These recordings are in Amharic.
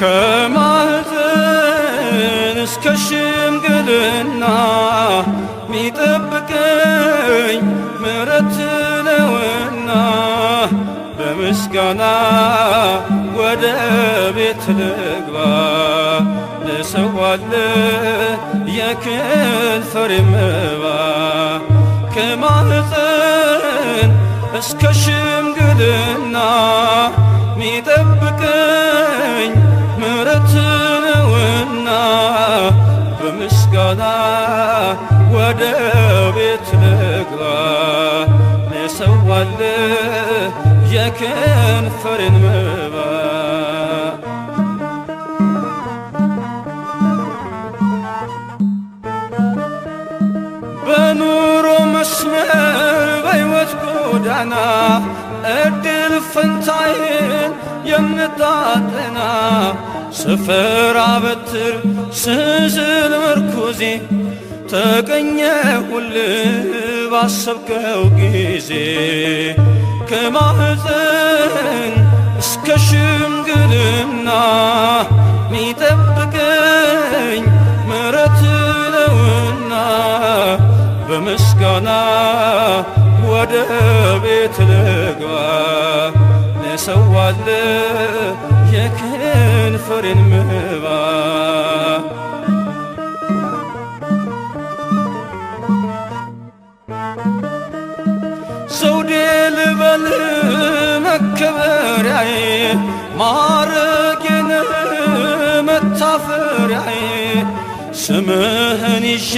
ከማህፀን እስከ ሽምግልና ሚጠብቀኝ ምሕረት ነውና በምስጋና ወደ ቤት ልግባ ልሰዋል የከንፈር መባ ከማህፀን እስከ ሽምግልና ሚጠብቀኝ አንተነውና በምስጋና ወደ ቤት ልግባ ልሰዋል የከንፈሬን መባ በኑሮ መስመር በሕይወት ጎዳና እድል ፈንታዬን የምታጠና ስፈራ በትር ስዝል ምርኩዜ ሁል ባሰብከው ጊዜ ከማህፀን እስከ ሽምግልና ሚጠብቀኝ ምረት ነውና በምስጋና ወደ ቤት ልግባ ሰዋለ የከንፈሬን ምባ ዘውዴ ልበል መከበሪያዬ ማረጌን መታፈሪያዬ ስምህን ይዤ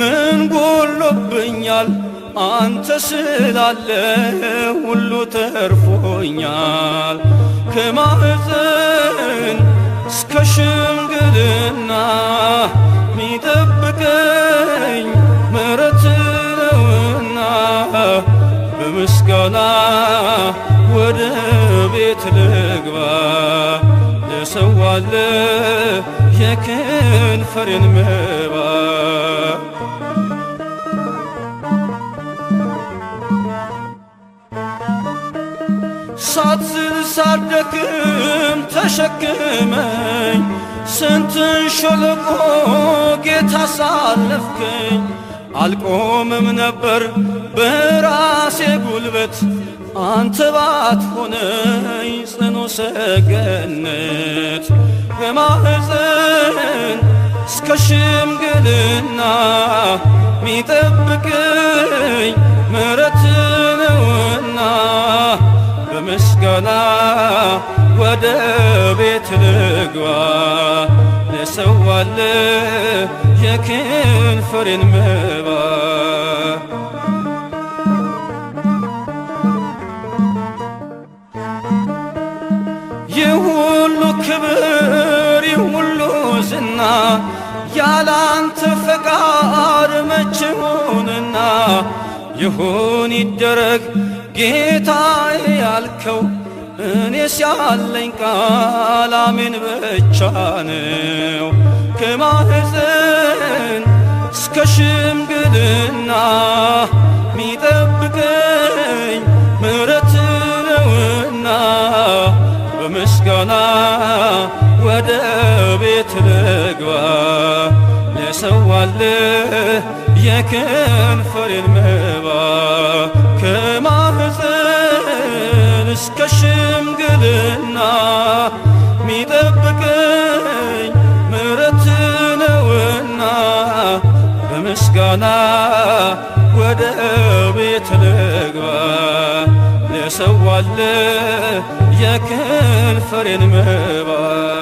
ምን ጎሎብኛል አንተ ስላለ ሁሉ ተርፎኛል። ከማህፀን እስከ ሽምግልና ሚጠብቀኝ ምሕረት ነውና በምስጋና ወደ ቤት ልግባ ለሰዋለ የክንፈሬን ስሞት ሳልደክም ተሸክመኝ ስንትን ሸለቆ ጌታ ሳለፍከኝ አልቆምም ነበር በራሴ ጉልበት አንተ ባትሆነኝ ጽኑ ሰገነት ከማህፀን እስከ ሽምግልና ሚጠብቅ ወደ ቤት ልግባ ልሰዋል የክንፍሬን መባ ይህ ሁሉ ክብር ይህ ሁሉ ዝና ያላንተ ፈቃድ መቼ ይሁን ይደረግ ጌታ ያልከው እኔስ ያለኝ ቃል አሜን ብቻ ነው። ከማህፀን እስከ ሽምግልና ሚጠብቀኝ ምሕረት ነውና በምስጋና ወደ ቤት ልግባ ለሰዋለ የከንፈሬን መባ ሚጠብቀኝ ምረት ነውና በምስጋና ወደ ቤት ልግባ ልሰዋል የክንፈሬን መባ